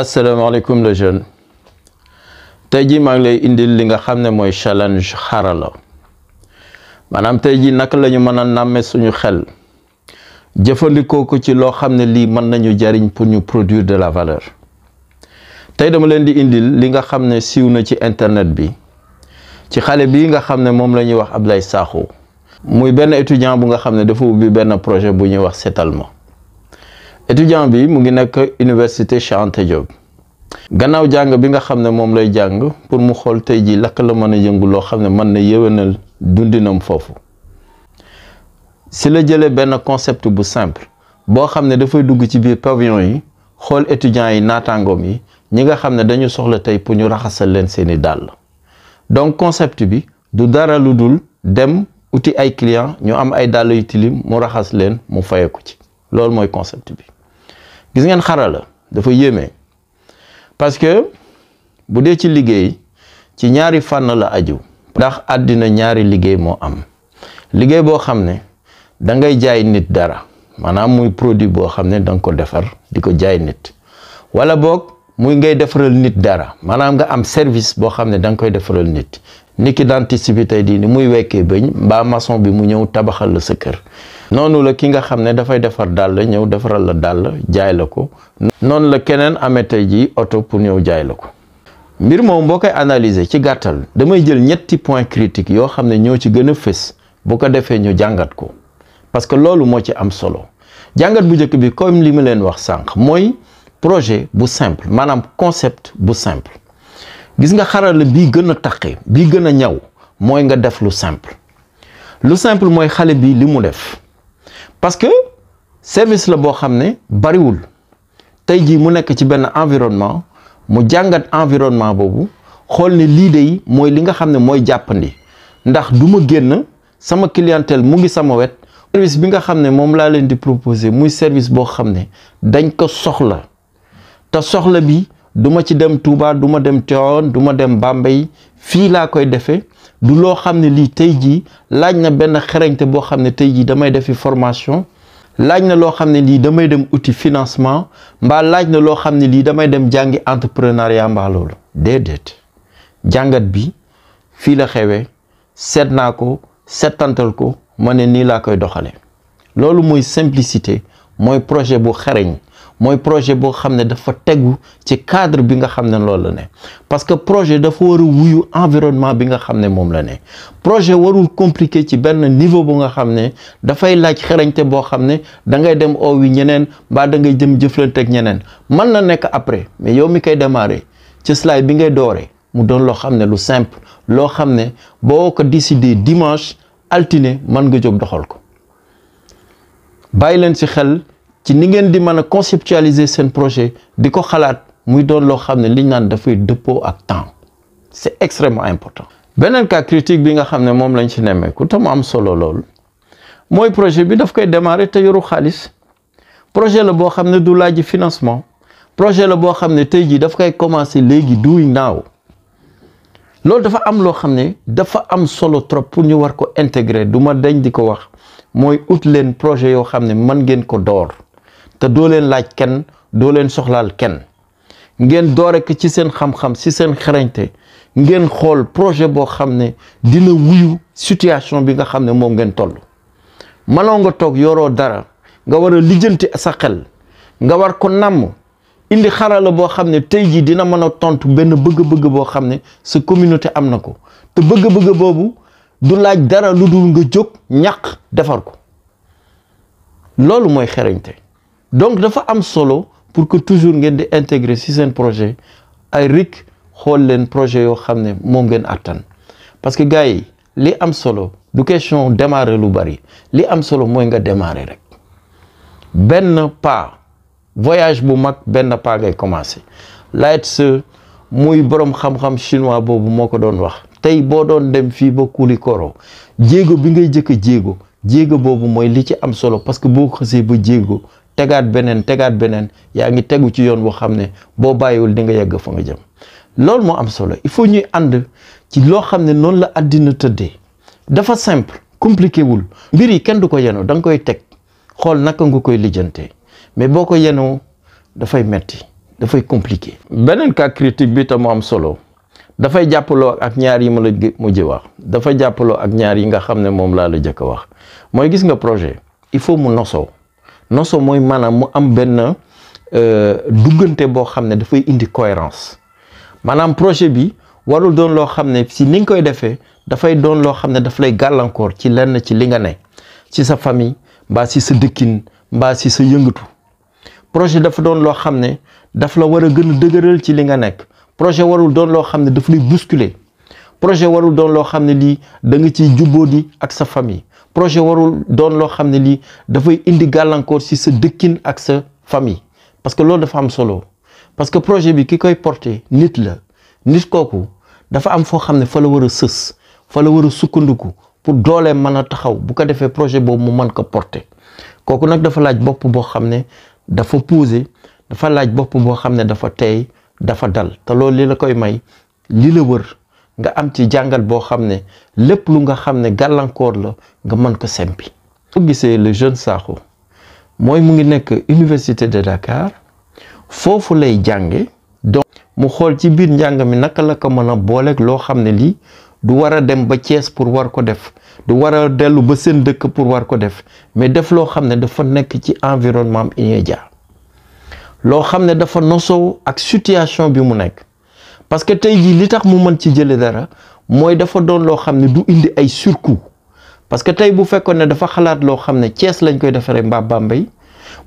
asalaamaaleykum le jeune tey jii maa ngi lay indil li nga xam ne mooy challenge xarala maanaam tey jii naka lañu mën a nàmme suñu xel jëfandikoo ko ci loo xam ne lii mën nañu jariñ pour ñu produire de la valeur tey dama leen di indil li nga xam ne siiw na ci internet bi ci xale bii nga xam ne moom la ñuy wax Ablaye Sakho muy benn étudiant bu nga xam ne dafa ubbi benn projet bu ñuy wax setal ma étudiant bi mu ngi nekk université Cheikh Anta Diop gannaaw jàng bi nga xam ne moom lay jàng pour mu xool tey jii lakk la mën a yëngu loo xam ne mën na yéwénal dundinam foofu si la jëlee benn concept bu simple boo xam ne dafay dugg ci biir pavillon yi xool étudiants yi naataangoom yi ñi nga xam ne dañu soxla tey pour ñu raxasal leen seeni dàll donc concept bi du dara lu dul dem uti ay client ñu am ay dàll yu tilim mu raxas leen mu fayeku ci loolu mooy concept bi gis ngeen xarala dafa yéeme parce que bu dee ci liggéey ci ñaari fànn la aju ndax àddina ñaari liggéey moo am liggéey boo xam ne da ngay jaay nit dara maanaam muy produit boo xam ne danga ko defar di ko jaay nit wala boog muy ngay defaral nit dara maanaam nga am service boo xam ne da nga koy defaral nit niki dentiste bi tey di ni muy wekkee bëñ mbaa maçon bi mu ñëw tabaxal la sa kër noonu la ki nga xam ne dafay defar dàll ñëw defaral la dàll jaay la ko noonu la keneen amee tey jii oto pour ñëw jaay la ko mbir moom mboo koy analyser ci gàttal damay jël ñetti point critique yoo xam ne ñoo ci gën a fës bu ko defee ñu jàngat ko parce que loolu moo ci am solo jàngat bu njëkk bi comme li ma leen wax sànq mooy projet bu simple maanaam concept bu simple gis nga xarala bi gën a taqe bi gën a ñaw mooy nga def lu simple lu simple mooy xale bi li mu def parce que service la boo xam ne bariwul tey jii mu nekk ci benn environnement mu jàngat environnement boobu xool ne lii de mooy li nga xam ne mooy jàppandi ndax du ma génn sama clientèle mu ngi sama wet service bi nga xam ne moom laa leen di proposer muy service boo xam ne dañ ko soxla te soxla bi duma ci dem tuubaa duma dem Tivaouane du ma dem Bambey fii laa koy defee du loo xam ne lii tey jii laaj na benn xereñte boo xam ne tey jii damay defi formation laaj na loo xam ne lii damay dem uti financement mbaa laaj na loo xam ne lii damay dem jàngi entrepreneuriat mbaa loolu déedéet jàngat bi fii la xewee seet naa ko seetantal ko ma ne nii laa koy doxale loolu mooy simplicité mooy projet bu xereñ mooy projet boo xam ne dafa tegu ci cadre bi nga xam ne loolu la ne parce que projet dafa war a wuyu environnement bi nga xam ne moom la ne projet warul compliqué ci benn niveau bu nga xam ne dafay laaj xarañte boo xam ne dangay ngay dem oowi ñeneen ba da ngay jëm jëflante ak ñeneen man na nekk après mais yow mi koy démarrer ci bi ngay dooree mu doon loo xam ne lu simple loo xam ne boo ko décidé dimanche altine mën nga jóg doxal ko bàyyi leen ci xel. ci ni ngeen di mën conceptualiser sen projet diko ko muy doon lo xam liñ liñ da fay dëppoo ak temps c'est extrêmement important benen cas critique bi nga xam mom lañ ci nemmeeku ku tam am solo lol moy projet bi daf koy démarrer te yoru xaalis projet la bo xam du laaj financement projet la bo xam ne tey daf koy commencer léegi doing now lol dafa am lo xam dafa am solo trop pour ñu war ko intégrer du ma dañ di ko wax moy ut leen projet yo xam man ngeen ko dor te doo leen laaj kenn doo leen soxlaal kenn ngeen doore ko ci seen xam-xam ci seen xereñte ngeen xool projet boo xam ne dina wuyu situation bi nga xam ne moom ngeen toll mënoo nga toog yoroo dara nga war a lijjanti sa xel nga war ko namm indi xarala boo xam ne tey jii dina mën a tontu benn bëgg-bëgg boo xam ne sa communauté am na ko te bëgg-bëgg boobu du laaj dara lu dul nga jóg ñàq defar ko loolu mooy xerañte donc dafa am solo pour que toujours ngeen di intégrer si seen projet ay RIC xool leen projet yoo xam ne moom ngeen attan parce que gars yi li am solo du question démarrer lu bari li am solo mooy nga démarrer rek benn pa voyage bu mag benn pa ngay commencer Lao-tse muy borom xam-xam chinois boobu moo ko doon wax tey boo doon dem fii ba koro jéego bi ngay jëkk a jéego boobu mooy li ci am solo parce que boo xësee ba jéego tegaat beneen tegaat beneen yaa ngi tegu ci yoon boo xam ne boo bàyyiwul di nga yegg fa nga jëm loolu moo am solo il faut ñuy ànd ci loo xam ne noonu la àddina tëddee dafa simple compliqué wul mbir yi kenn du ko yenu da nga koy teg xool naka nga koy lijjantee mais boo ko yenoo dafay metti dafay compliquer beneen cas critique bi tam mu am solo dafay jàppaloo ak ñaar yi mu la mujj wax dafay jàppaloo ak ñaar yi nga xam ne moom laa la jëkk a wax mooy gis nga projet il faut mu nosoo noso seulement manam mu am euh duggante bo xamné da fay indi cohérence manam projet bi warul doon lo xamné si ni nga koy defee dafay doon lo xamné da fay lay ci lenn ci li nga ci sa famille ba si sa dëkkin ba si sa yëngatu projet dafa doon lo xamné daf la war a ci li nga projet warul doon lo xamné daf bousculer projet warul doon lo xamné li da nga ci di ak sa famille projet warul doon loo xam ne lii dafay indi gàllankoor si sa dëkkin ak sa famille parce que loolu dafa am solo parce que projet bi ki koy porté nit la nit kooku dafa am foo xam ne fa la war a sës fa la war a sukkandiku pour doolee mën a taxaw bu ko defee projet boobu mu man ko porté kooku nag dafa laaj bopp boo xam ne dafa posé dafa laaj bopp boo xam ne dafa tey dafa dal te loolu li la koy may li la wër nga am ci jàngal boo xam ne lépp lu nga xam ne gàllankoor la nga mën ko sempi soo gisee le jeune Sakho mooy mu ngi nekk université de Dakar foofu lay jànge donc mu xool ci biir njàng mi naka la ko mën a booleeg loo xam ne lii du war a dem ba Thiès pour war ko def du war a dellu ba seen dëkk pour war ko def mais def loo xam ne dafa nekk ci environnement immédiat loo xam ne dafa nosoo ak situation bi mu nekk parce que tey jii li tax mu mën ci jële dara mooy dafa doon loo xam ne du indi ay surcoût parce que tey bu fekkoon ne dafa xalaat loo xam ne cees lañ koy defaree mbaa Bambey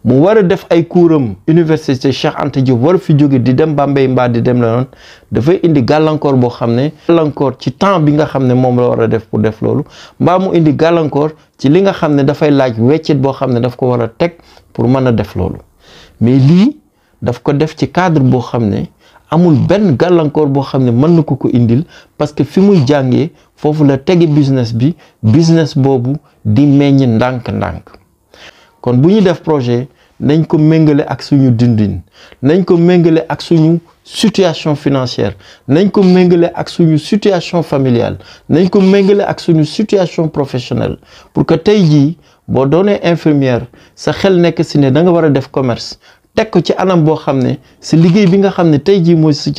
mu war a def ay kuuram université Cheikh Anta Diop fi jóge di dem Bambey mbaa di dem la noonu dafay indi gàllankoor boo xam ne gàllankoor ci temps bi nga xam ne moom la war a def pour def loolu mbaa mu indi gàllankoor ci li nga xam ne dafay laaj weccit boo xam ne daf ko war a teg pour mën a def loolu mais lii daf ko def ci cadre boo xam ne amul hmm. ben galancor bo xamné man mën ko indil parce que fi jangé fofu la tégué business bi business bobu di meñ ndank ndank kon buñu def projet nañ ko mengalé ak suñu dindine nañ ko mengalé ak suñu situation financière nañ ko mengalé ak suñu situation familiale nañ ko mengalé ak suñu situation professionnelle pour que tay jii bo infirmière sa xel nek si ne da nga wara def commerce teg ko ci anam boo xam ne si liggéey bi nga xam ne tey jii mooy si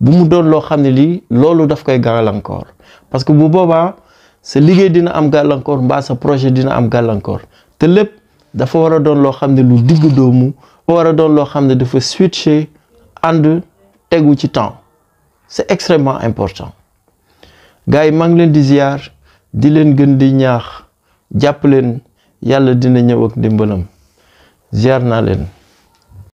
bu mu doon loo xam ne lii loolu daf koy gàllankoor parce que bu boobaa sa liggéey dina am gàllankoor mbaa sa projet dina am gàllankoor te lépp dafa war a doon loo xam ne lu digg doomu dafa war a doon loo xam ne dafa switché ànd tegu ci temps c'est extrêmement important gars yi maa ngi leen di ziar di leen gën di ñaax jàpp leen yàlla dina ñëw ak ndimbalam ziar naa leen.